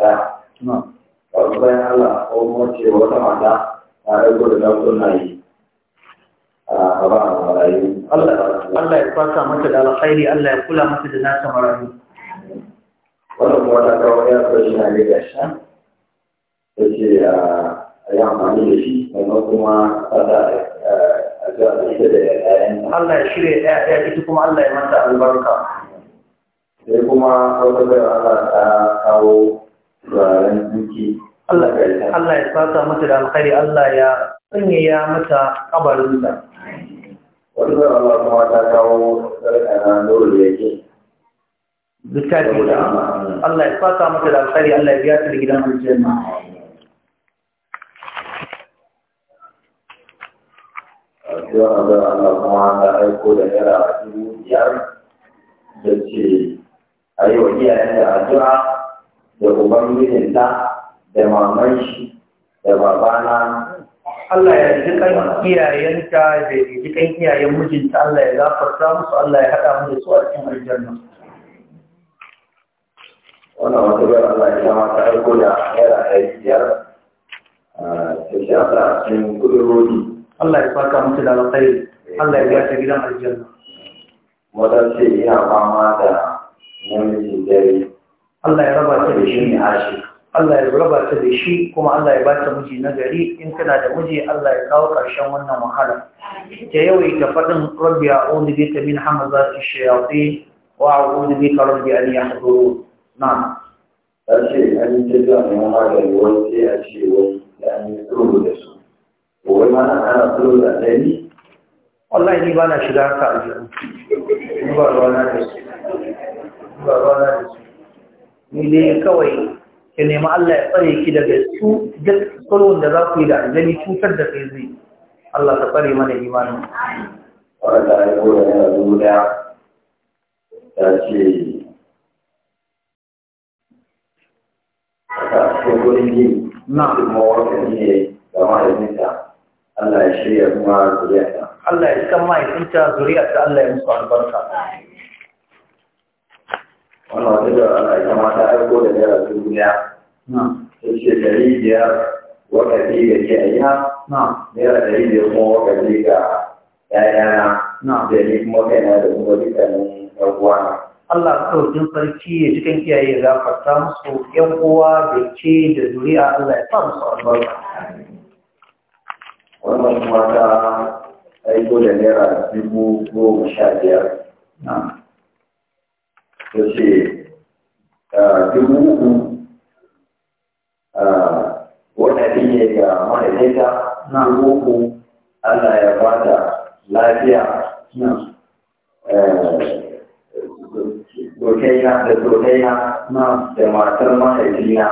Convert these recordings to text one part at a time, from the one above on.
mata kamar bayan Allah ko kuma ce wata mata ta aiko da ɗaukun na yi a ba a marayu Allah ya fasa mata da alkhairi Allah ya kula mata da nasa marayu wannan kuma ta kawo ya so shi na ga gasha ta ce a yi amfani da shi sannan kuma ta da Allah ya shirya ɗaya ita kuma Allah ya mata albarka sai kuma wata bai Allah ta kawo Allah ya fata mata da alkhairi Allah ya sanyaya mata kabarinta. Wanda Allah kuma ta kawo sarka na dole yake. Littafi da Allah ya fata mata da alkhairi Allah ya biya ta da gidan aljanna. Yau da Allah kuma ta aiko da yara a cikin biyar da ce a yi wa iyayen da addu'a da ubangijinta da maman shi da babana Allah ya ji kan iyayenta da ji kan iyayen mijinta Allah ya gafarta musu Allah ya haɗa mu da su a cikin aljanna wannan wata biyar Allah ya kama ta aiko da yara ɗari biyar ta shi Allah cikin kudin rodi Allah ya saka mutu da alkhairi Allah ya biya ta gidan aljanna wadda ce ina fama da namijin dare الله يا بشيء تبشيني عاشق الله يا رب كما الله يبات مجي نجري إن كنا مجي الله يقاوك بشيء مخالف تيوي تفضل ربي أعود بشيء من حمزات الشياطين وأعود بيك بشيء أن يحضرون نعم أشي أن بشيء هذا الوقت أشي وين يعني بشيء لي شو؟ وين أنا أقول بشيء أني؟ والله إني بنا شجاع بشيء بابا أنا بس. بابا أنا بس. ni ne kawai ki nemi Allah ya tsare ki daga su duk da za ku yi da aljani cutar da kai zai Allah ta tsare mana imanin wanda ya kula da duniya ta ce ta ce gurin yi na kuma wanda ne da mahaifinta Allah ya shirya kuma zuriyarta Allah ya san mahaifinta zuriyarta Allah ya musu albarka wannan wata da ana ita ma ta aiko da naira dubu ɗaya ta ce kuma ga da Allah ɗaukin ya cikin iyaye gafarta musu ‘yan uwa da ke da zuri'a Allah ya sa musu albarka. Wannan kuma ta aiko da naira dubu goma sha biyar. ya ce ah, dubu uku ah, wata ne ga mahaifinta na uku Allah ya bata lafiya dokaina da dokaina da matar mahaifina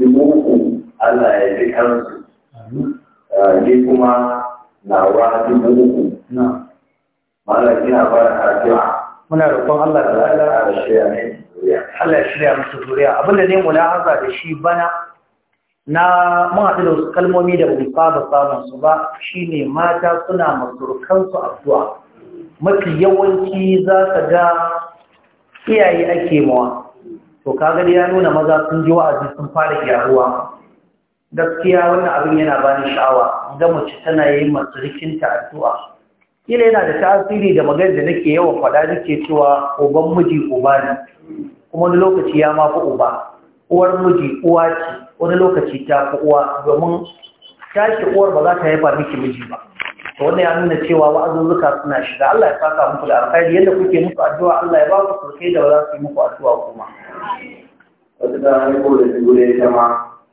dubu uku Allah ya fi eh, kansu ah, ni kuma nawa dubu uku malam ina ba addu'a muna roƙon Allah da Allah ya shirya musu zuriya abinda ne mulahaza da shi bana na mun haɗu da wasu kalmomi da mu saba samun su ba shine mata suna masurkan su addu'a mafi yawanci za ka ga iyaye ake mawa to kaga ya nuna maza sun ji wa'azi sun fara gyaruwa gaskiya wannan abin yana bani sha'awa ga mace tana yi masurikinta addu'a kila yana da tasiri da magana da nake yawan faɗa nake cewa uban miji uba ne kuma wani lokaci ya ma fi uba uwar miji uwa ce wani lokaci ta fi uwa domin tashi uwar ba za ta haifa miki miji ba to wannan ya nuna cewa wa'azuzzuka suna shiga Allah ya saka muku da alkhairi yadda kuke muku addu'a Allah ya ba ku sosai da ba za su yi muku addu'a kuma wata da da gure ta ma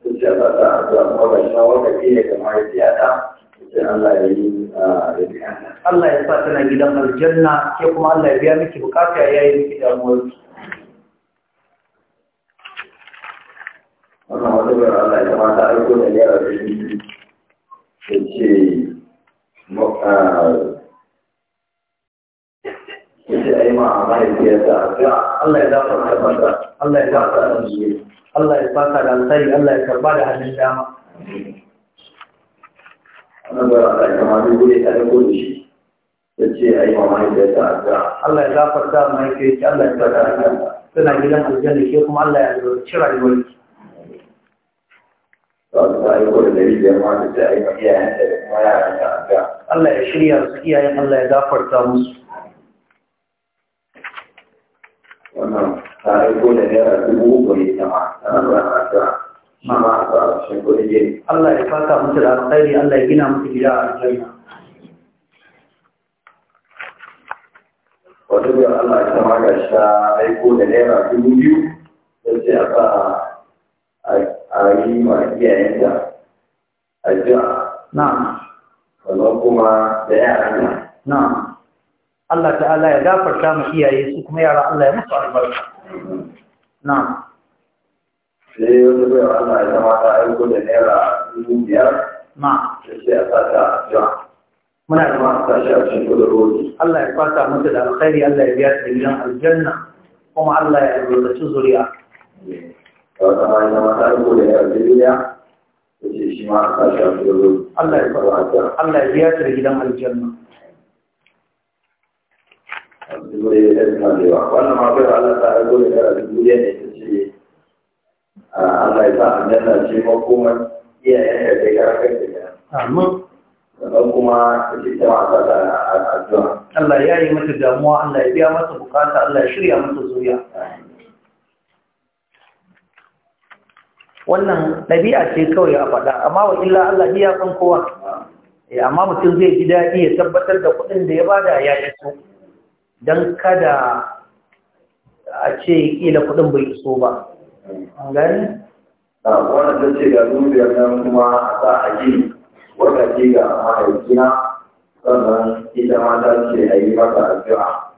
sun ce a ta addu'a kuma shawar da ke kamar yadda ya ta sai Allah ya yi ah, Allah ya sa tana gidan aljanna ke kuma Allah ya biya miki bukata ya yi miki damuwar ki wannan wata gara Allah ya kamata a aiko da yara da shi ya ce ah, ya ce a yi ma mahaifiyarsa Allah ya dafa da mata Allah ya dafa da Allah ya fata da alkhairi Allah ya karba da hannun dama wannan ba a kama duk wuri ta ko da shi Ta ce a yi wa mahaifiyarta addu'a Allah ya gafarta wa mahaifiyarki Allah ya bada aljanna Suna gidan aljanna ke kuma Allah ya su ta ta da da biyar ma ma yi kuma albarkaci rayuwarki Allah ya shirya su iyayen Allah ya gafarta musu. Wannan ta aiko da naira dubu uku ne sama, tana zuwa na Allah ya fata musu da alkhairi Allah ya gina musu gida a aljanna wata biyar Allah ya sama ga sha aiko da naira dubu biyu da ce a sa a yi ma iyayenta a jiya na sannan kuma da yaranta na Allah ta'ala ya gafarta mu iyaye su kuma yara Allah ya musu albarka na sai wata bai Allah ya zama ta aiko da naira dubu biyar ma sai a sata a jiwa muna da masu tashi a cikin kudurori Allah ya fata mata da alkhairi Allah ya biya ta gidan aljanna kuma Allah ya albarkaci zuriya ta wata ma ya zama ta aiko da naira dubu biyar sai shi ma a tashi a kudurori Allah ya fata Allah ya biya ta gidan aljanna wannan ma bai Allah ta aiko da naira dubu biyar ne Allah ya sa aljanna ce makomar iyayen da kai karfin da ya. Amin. kuma Allah ya yi mata damuwa, Allah ya biya mata bukata, Allah ya shirya mata zuriya. Wannan ɗabi'a ce kawai a faɗa, amma wa illa Allah ya san kowa. Eh, amma mutum zai ji daɗi ya tabbatar da kuɗin da ya bada ya iso, don kada a ce ƙila kuɗin bai iso ba. gani ah, wannan ta ce ga zuciyar nan kuma a sa yi wata ce ga mahaifina sannan ita ma ta ce a yi mata addu'a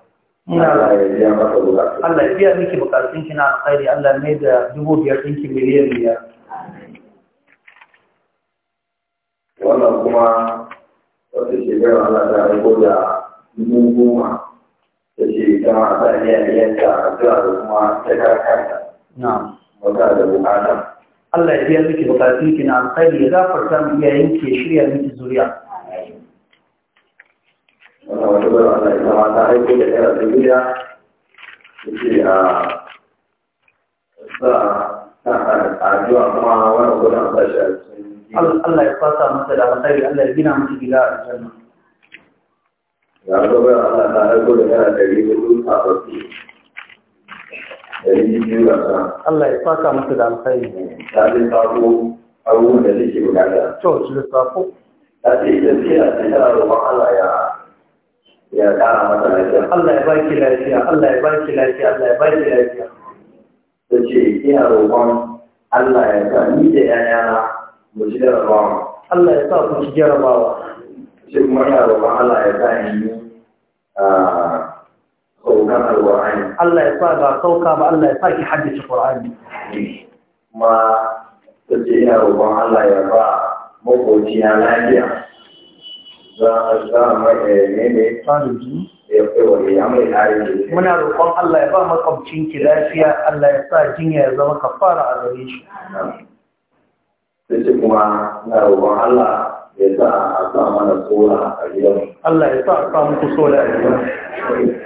Allah ya biya maka bukatu. Allah ya biya miki bukatun kina alkhairi Allah ne da dubu biyar ɗinki miliyan biyar. Wannan kuma wata shekarar Allah ta aiko da dubu goma ta ce ta ma ta iya biyanta addu'a da kuma ta karkata. na'am Allah ya biya miki bukatun ki na alkhairi ya gafarta mu iyayen ki shirya miki zuriya Allah ya zama ta a ah, sa ta a cikin Allah ya fasa masa da alkhairi Allah ya gina miki gida a aljanna ya zo bar Allah ta aiko da kira da zuriya a Allah ya faka musu da alkhairi. Ta zai sako abubuwan da suke bukata. To, shi da sako. Ta ce ita ce a ce tana roƙon Allah ya ya ƙara mata lafiya. Allah ya baki lafiya, Allah ya baki lafiya, Allah ya baki lafiya. Ta ce ina roƙon Allah ya sa ni da ‘ya'yana mu ci jarabawa. Allah ya sa ku ci jarabawa. Shi kuma ina roƙon Allah ya sa ni ah, saukar alwa'ani Allah ya sa ba sauka ba Allah ya sa ki haddace Qur'ani kuma tace ina roƙon Allah ya ba makoci na lafiya za za mu ne ne tsanji ya kai ya mai hari muna roƙon Allah ya ba makwabcin ki lafiya Allah ya sa jinya ya zama kafara a gare shi tace kuma na roƙon Allah ya sa a sa mana sola a gidan Allah ya sa a sa muku sola a gidan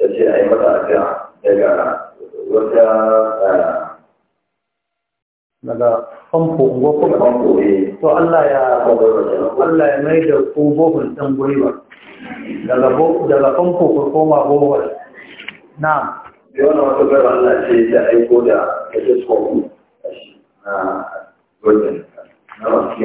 ta ce a yi mata addu'a daga wata ah, daga famfo unguwar kuma famfo ne eh. to Allah ya Allah ya mai da ku bohun ɗan gwiwa daga daga famfo ku koma bohun na'am da wannan wata gara Allah ce da aiko da ta ce tsohu a ah, wajen na masu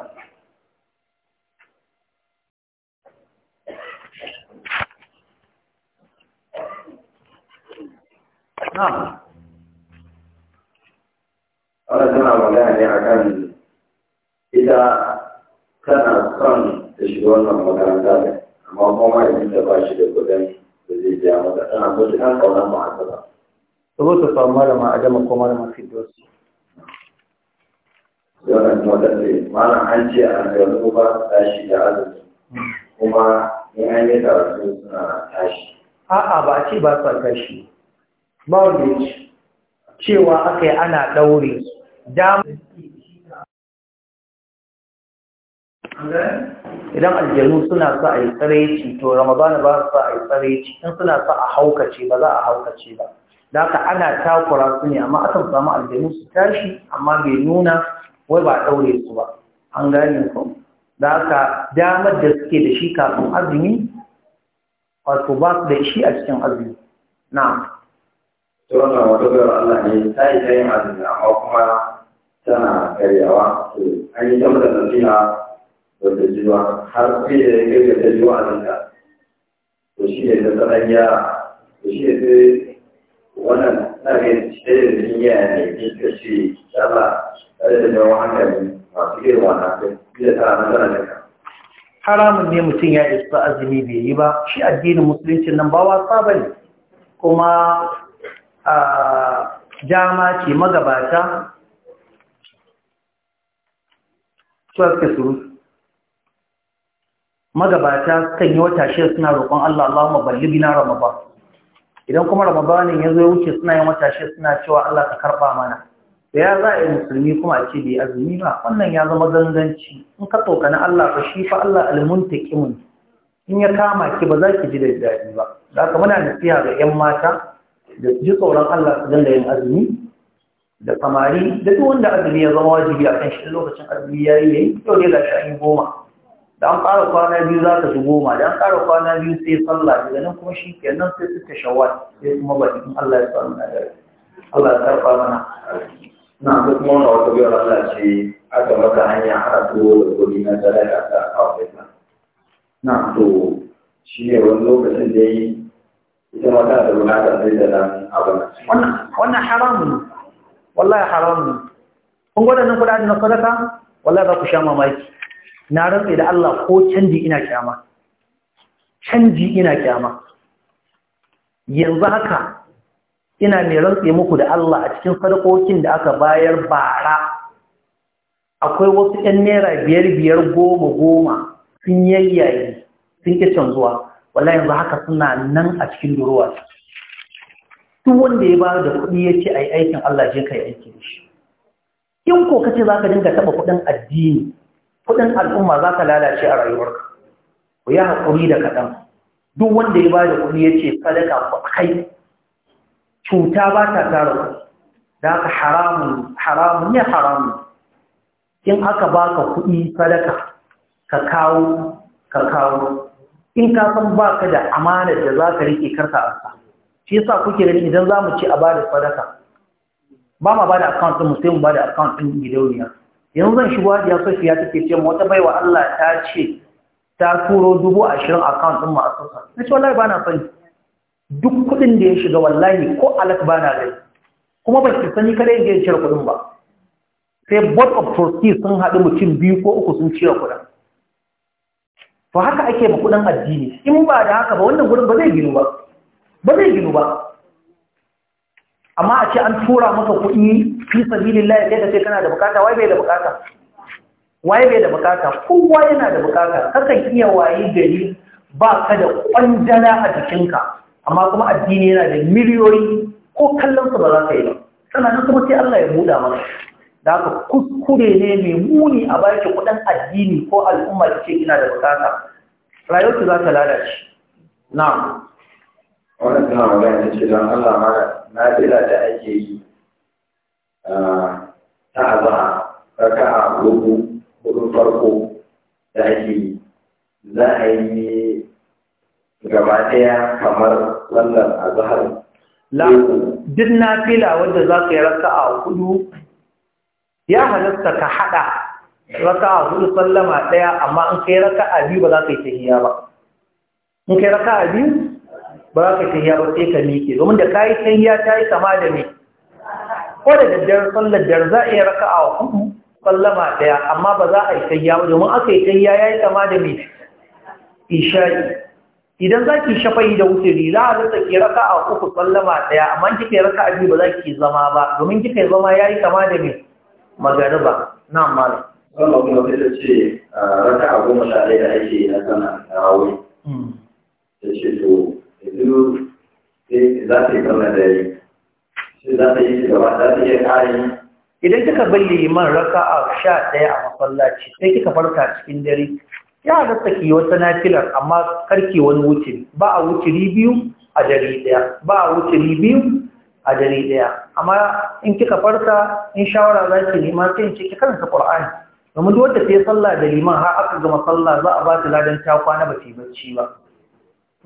Wanda tana magana ne a kan ita tana son ta shiga wannan makaranta ne, amma kuma idan ta ba shi da kudin da zai biya mata tana so ta kan kaunar ma haka ba. Ta ta samu malama a dama ko malama Fidosi. Yawan kuma ta ce, malam an ce a gano ba tashi da azumi, kuma in an yi karatu suna tashi. A'a ba a ce ba sa tashi. bondage cewa aka yi ana ɗaure idan aljanu suna sa a yi tsareci to ramadana ba su sa a yi tsareci in suna sa a haukace ba za a haukace ba da aka ana takura su ne amma akan samu aljanu su tashi amma bai nuna wai ba ɗaure su ba an gane ku da aka damar da suke da shi kafin azumi wato ba su da shi a cikin azumi na ta wannan wata gara Allah ne ta yi ta yin azumi amma kuma tana karyawa to an yi ta mata nasiha wanda ta ji har kai da ya kai ta nan da, to shi ne ta sanar yara to shi ne sai wannan na kai cikin da cikin yaya ne ke kashe Allah tare da jawo hankali masu irin wannan kai da tana nasara da ka haramun ne mutum ya isa azumi bai yi ba shi addinin musulunci nan ba wasa ba ne kuma jama ce magabata suka suru magabata kan yi wata shida suna roƙon Allah Allahumma ballighna ramadan idan kuma ramadanin ya zo ya wuce suna yin wata suna cewa Allah ka karba mana da ya za a yi musulmi kuma a ce da bai azumi ba wannan ya zama zanzanci. in ka na Allah ba shi fa Allah almuntaqimun in ya kama ki ba za ki ji da daɗi ba da haka muna nasiha ga 'yan mata da ji tsoron Allah su dinga yin azumi da samari da duk wanda azumi ya zama wajibi a kan shi lokacin azumi ya yi yayi yau ne ga shi an yi goma da an ƙara kwana biyu za ka shi goma da an ƙara kwana biyu sai sallah daga nan kuma shi ke nan sai suka shawa shawar sai kuma ba in Allah ya samu na gari Allah ya karfa mana na ga kuma wani wata biyar Allah ce aka maka hanya a tuwo da kuɗi na sadaka ta kawai na to shi ne wani lokacin da yi ita zai da nan abin wannan haramun ne wallahi haramun ne kun gwada nan kudaden na sadaka wallahi za ku sha mamaki na rantse da Allah ko canji ina kyama canji ina kyama yanzu haka ina mai rantsi muku da Allah a cikin sadakokin da aka bayar bara akwai wasu 'yan naira biyar biyar goma goma sun yayyaye sun ƙi canzuwa wallahi yanzu haka suna nan a cikin durowa duk wanda ya bayar da kuɗi ya ce a yi aikin Allah je ka yi aiki da shi in ko kace za ka dinga taɓa kuɗin addini kuɗin al'umma za ka lalace a rayuwarka ku yi haƙuri da kaɗan duk wanda ya bayar da kuɗi ya ce sadaka ku kai cuta ba ta tara ku da ka haramun haramun ne haramun in aka baka kuɗi sadaka ka kawo ka kawo in ka san ba ka da amanar da za ka riƙe karka a shi yasa kuke da idan za mu ci a bada sadaka ba ma bada account ɗin mu sai mu bada account ɗin gidauniya yanzu zan shigo hajiya sofiya take ce mu wata baiwa Allah ta ce ta turo dubu ashirin account ɗin mu a sassa na ce wallahi ba na sani duk kuɗin da ya shiga wallahi ko alak ba na gani kuma ba ki sani kada yin cire kuɗin ba sai board of trustees sun haɗu mutum biyu ko uku sun cire kuɗin to haka ake ma kudin addini in ba da haka ba wannan gurin ba zai ginu ba ba zai ginu ba amma a ce an tura maka kuɗi fi sabilillahi kai ce kana da bukata wai bai da bukata wai bai da bukata kowa yana da bukata kakan iya waye gari ba ka da kwanjala a jikinka amma kuma addini yana da miliyoyi ko kallon su ba za ka yi ba sannan kuma sai Allah ya buɗa maka da haka kuskure ne mai muni a baki kudin addini ko al'umma da ce ina da bukata rayuwarsu za ta lalace na wani suna magana ce don allah mara na fila da ake yi ta aza raka a gudu gudun farko da ake yi za a yi gaba ɗaya kamar wannan azahar duk na fila wadda za ka yi raka a hudu ya halatta ka haɗa raka a hudu sallama ɗaya amma in kai raka a biyu ba za ka yi tahiya ba in kai raka a biyu ba za ka yi tahiya ba sai ka miƙe domin da ka yi tahiya ta yi kama da me ko da daddare sallar da za a iya raka a hudu sallama ɗaya amma ba za a yi tahiya ba domin aka yi tahiya ya yi kama da me isha'i idan za ki shafai da wuturi za a zata ki raka a uku sallama ɗaya amma kika yi raka a biyu ba za ki zama ba domin kika yi zama ya yi kama da me magariba na mala wannan kuma sai ta ce ah, raka a goma sha ɗaya da ake na sana tarawai hmm. ta ce to yanzu za ta yi da yi. shi za ta yi gaba za ta iya kayan. idan kika bar liman a sha ɗaya a masallaci sai kika farka cikin dare ya halatta ki wata nafilar amma karki wani wuce ba a wuce biyu a dare ɗaya ba a wuce biyu a dare daya amma in kika farka in shawara za ki nema sai in ce ki karanta Qur'ani domin duk wanda ta yi sallah da liman har aka gama sallah za a ba ta ladan ta kwana ba ta yi bacci ba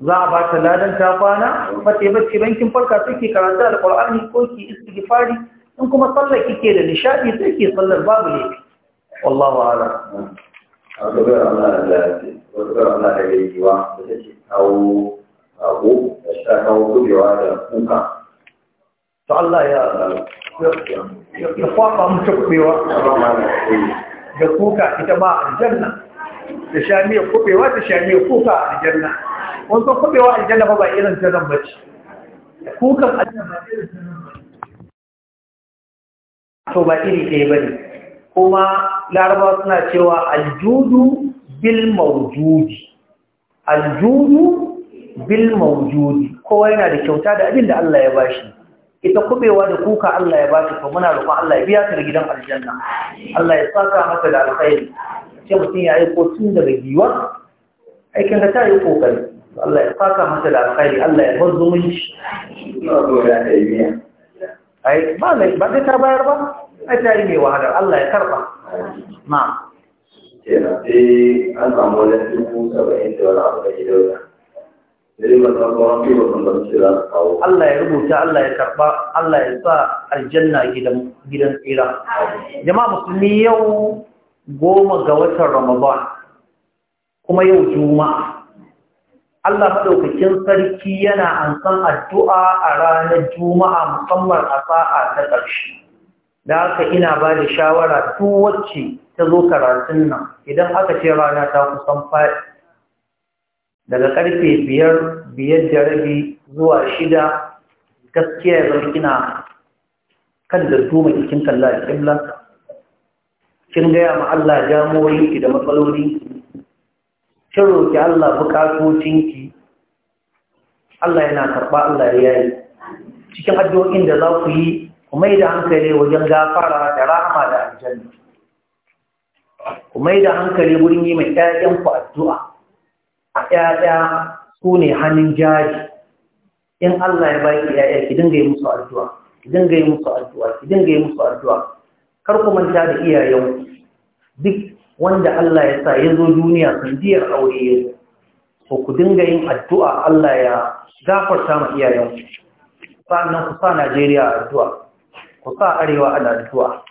za a ba ta ladan ta kwana ba ta yi bacci ban kin farka sai ki karanta qur'ani ko ki istighfari in kuma sallar kike da nishadi sai ki sallar babu laifi wallahu a'lam Aka gabar Allah da gabar Allah da yayi wa da take kawo abu da ta kawo kubewa da kuka to Allah ya ya kwafa mutu kubewa da kuka ita ma aljanna da shamiyar kubewa da shamiyar kuka a aljanna wanda kubewa aljanna ba ba irin ta nan bace kukan aljanna ba irin ta nan bace to ba iri ɗaya ne. kuma larabawa suna cewa aljudu bil mawjudi aljudu bil mawjudi kowa yana da kyauta da abin da Allah ya bashi ita kubewa da kuka Allah ya bashi to muna roƙon Allah ya biya ta gidan aljanna Allah ya saka mata da alkhairi ce mutum ya yi ko tun daga giwa aikin ka ta yi kokari Allah ya saka mata da alkhairi Allah ya bar zumunci ai ba lai ba ta bayar ba ai ta yi mai wahalar Allah ya karba na eh an samu wani dubu wani abu da ke dauka Allah ya rubuta Allah ya karɓa, Allah ya sa aljanna gidan tsira jama'a musulmi yau goma ga watan Ramadan kuma yau juma'a Allah maɗaukakin sarki yana san addu'a a ranar juma'a musamman a sa'a ta ƙarshe da haka ina ba da shawara duk wacce ta zo karatun nan idan aka ce rana ta kusan faɗi daga karfe biyar biyar da rabi zuwa shida gaskiya ya zama kina kan da tuma cikin kalla da kimla kin gaya ma Allah jamoyinki da matsaloli kin ki Allah bukatocinki Allah yana karɓa Allah ya yi cikin addu'o'in da za ku yi ku mai da hankali wajen gafara da rahama da aljanna ku mai da hankali wurin yi mai ku addu'a ƴaƴa su ne hannun jari in Allah ya baki ƴaƴa ki dinga yi musu addu'a ki dinga yi musu addu'a ki dinga yi musu addu'a kar ku manta da iyayen duk wanda Allah ya sa ya zo duniya sandiyar aure ya zo ko ku dinga yin addu'a Allah ya gafarta ma iyayen sannan ku sa Najeriya addu'a ku sa arewa ana addu'a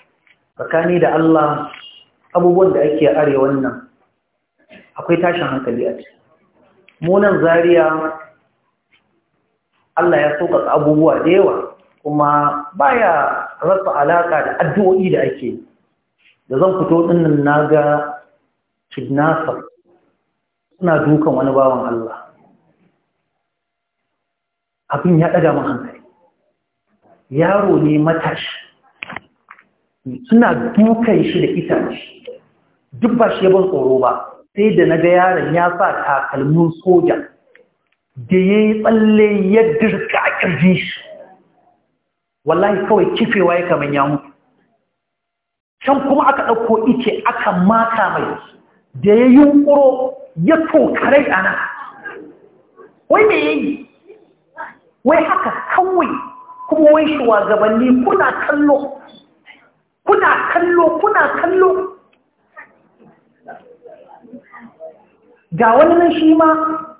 tsakani da Allah abubuwan da ake arewa nan akwai tashin hankali a ciki munan zariya Allah ya sauka abubuwa da yawa kuma baya rasa alaƙa da addu'o'i da ake da zan fito dinnan naga kidnapper suna dukan wani bawan Allah abin ya ɗaga min hankali yaro ne matashi suna dukan shi da itace duk ba shi ya ban tsoro ba sai da na ga yaron ya sa takalmin soja da ya yi tsalle ya dirka a ƙirji shi wallahi kawai kifewa ya kamar ya mutu can kuma aka ɗauko ice aka mata mai da ya yi yunƙuro ya tokarai a nan wai me yi wai haka kawai kuma wai shi wa shugabanni kuna kallo kuna kallo kuna kallo ga wani nan shi ma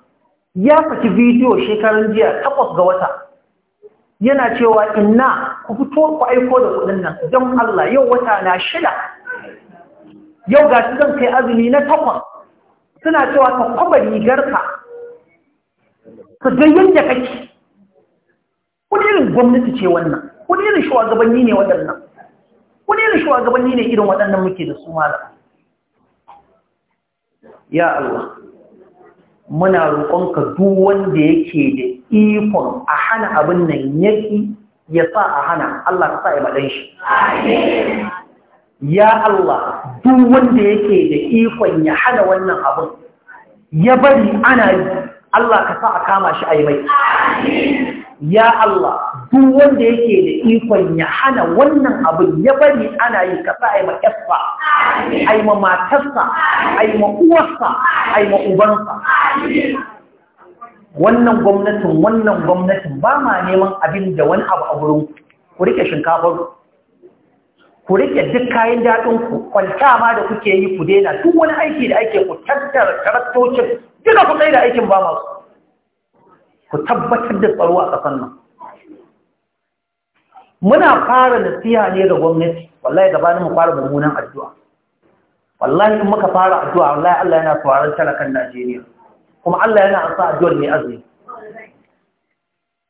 ya saki bidiyo shekarun jiya takwas ga wata yana cewa inna ku fito ku aiko da kudin nan don Allah yau wata na shida yau ga su zan kai azumi na takwas suna cewa ka kwaba rigarka ka ga yadda kake wani irin gwamnati ce wannan wani irin shugabanni ne waɗannan wani irin shugabanni ne irin waɗannan muke da su malam ya Allah muna roƙonka duk wanda yake da ikon a hana abin nan yaki ya sa a hana Allah ka sa ya madan shi ya Allah duk wanda yake da ikon ya hana wannan abin ya bari ana Allah ka sa a kama shi a yi mai ya Allah duk wanda yake da ikon ya hana wannan abin ya bari ana yi ka sa aima ƙasa aima matarsa aima uwarsa aima ubansa wannan gwamnatin wannan gwamnatin ba ma neman abin da wani abu a wurin ku rike shinkafar ku rike duk kayan daɗin ku kwanta ma da kuke yi ku daina duk wani aiki da ake ku tattara taraktocin duka ku tsaye da aikin ba masu ku tabbatar da tsaro a ƙasar nan muna fara nasiha ne ga gwamnati wallahi gabanin mu fara mummunan addu'a wallahi in muka fara addu'a wallahi Allah yana sauraron talakan Najeriya kuma Allah yana ansa addu'ar ne azumi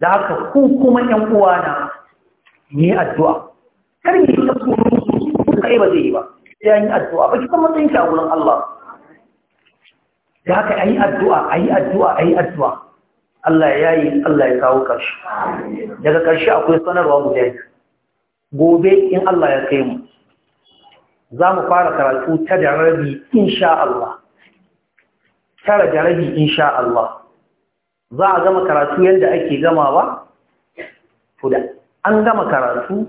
da haka ku kuma ƴan uwana ni addu'a kar ki ta tsoro kai ba zai yi ba sai an yi addu'a ba ki san matsayin ki a gurin Allah da haka ayi addu'a ayi addu'a ayi addu'a Allah ya yi Allah ya kawo ƙarshe daga ƙarshe akwai sanarwa guda gobe in Allah ya kai mu za mu fara karatu ta jarabi rabi insha Allah tara jarabi insha Allah za a gama karatu yadda ake gamawa to an gama karatu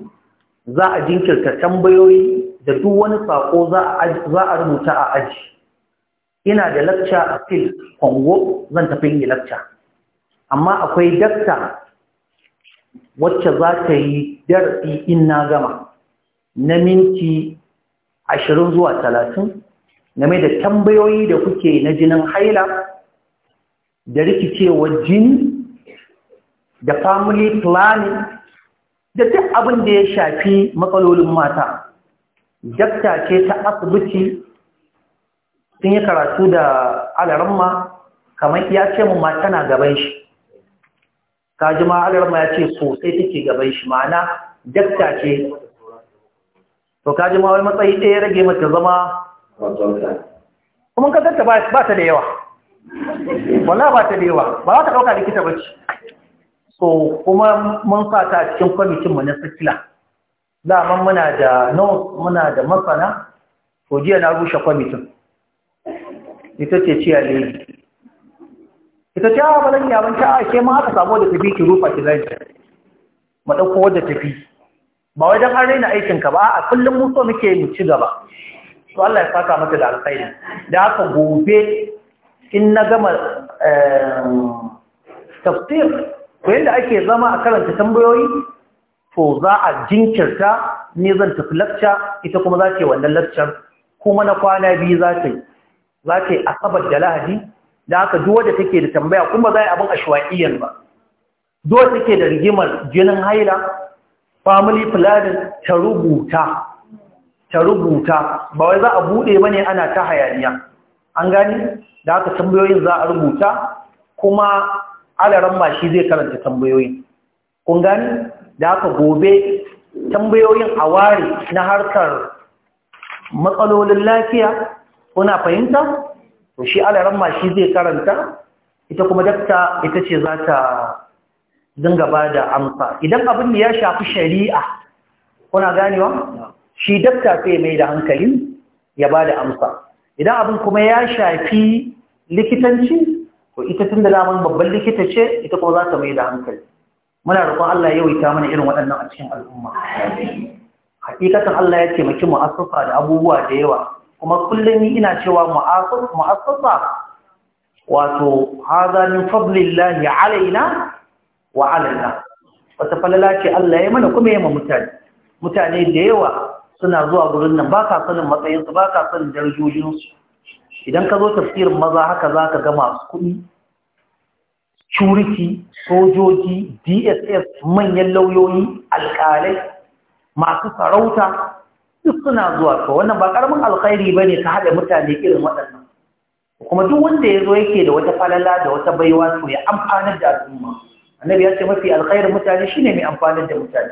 za a jinkirta tambayoyi da duk wani sako za a rubuta a aji ina da lakca a fil kongo zan tafi yi lakca amma akwai dakta wacce za ta yi darasi in na gama na minti ashirin zuwa talatin game da tambayoyi da kuke na jinin haila da rikicewar jini da family planning da duk abin da ya shafi matsalolin mata dakta ce ta asibiti sun yi karatu da alaramma kamar ya ce mu ma tana gaban shi kaji ma ya ce sosai take gaban shi ma'ana dakta ce to kaji ma matsayi ɗaya rage mata zama kuma ka dakta ba ta da yawa wala ba ta da yawa ba za ta ɗauka likita ba ce so kuma mun sa ta cikin kwamitinmu na sikila daman muna da nawa, muna da masana to jiya na rushe kwamitin ita ce ciya lady ita ta yawa balan yawon ta a ke ma aka samu da tafi ki rufa ki zai mu da tafi ba wai don an raina aikinka ba a kullum mu muke mu ci gaba to Allah ya saka mata da alkhairi da haka gobe in na gama eh, tafsir ko yadda ake zama a karanta tambayoyi to za a jinkirta ne zan tafi lacca ita kuma za ta yi wannan laccar kuma na kwana biyu za ta yi za ta yi asabar da lahadi da aka duwa da take da tambaya kuma za a yi abin ashwa'iyyar ba Duwa take da rigimar jinin haila family planning ta rubuta ta rubuta ba wai za a bude ne ana ta hayaniya an gani da aka tambayoyin za a rubuta kuma alaran ma shi zai karanta tambayoyin kun gani da aka gobe tambayoyin a ware na harkar matsalolin lafiya kuna fahimta to shi alaran ma shi zai karanta ita kuma dakta ita ce za ta dinga ba da amsa idan abin da ya shafi shari'a kuna ganewa shi dakta sai mai da hankali ya ba da amsa idan abin kuma ya shafi likitanci to ita tun da laman babban likita ce ita kuma za ta mai da hankali muna roƙon Allah ya yawaita mana irin waɗannan a cikin al'umma hakikatan Allah ya taimaki asufa da abubuwa da yawa kuma kullum yi ina cewa ma'asasa. wato haza min fadlillahi alaina wa alaina wata falala ce Allah ya mana kuma yamma ma mutane mutane da yawa suna zuwa gurin nan ba ka sanin matsayinsu ba ka sanin darajojinsu idan ka zo tafsirin maza haka za ka ga masu kuɗi curiki sojoji dss manyan lauyoyi alƙalai masu sarauta duk suna zuwa ka wannan ba karamin alkhairi bane ka hada mutane irin waɗannan kuma duk wanda ya zo yake da wata falala da wata baiwa to ya amfanar da al'umma annabi ya ce mafi alkhairin mutane shine mai amfanar da mutane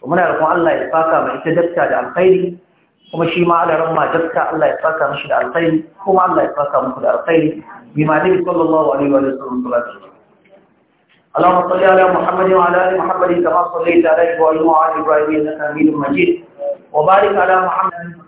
to muna roƙon Allah ya saka mu ita dakta da alkhairi kuma shi ma alaran ma dakta Allah ya saka mishi da alkhairi kuma Allah ya saka muku da alkhairi bi ma nabi sallallahu alaihi wa sallam ala صل wa ala ali ال kama sallaita ala Ibrahim wa ala Ibrahim innaka Hamidum Majid وبارك على محمد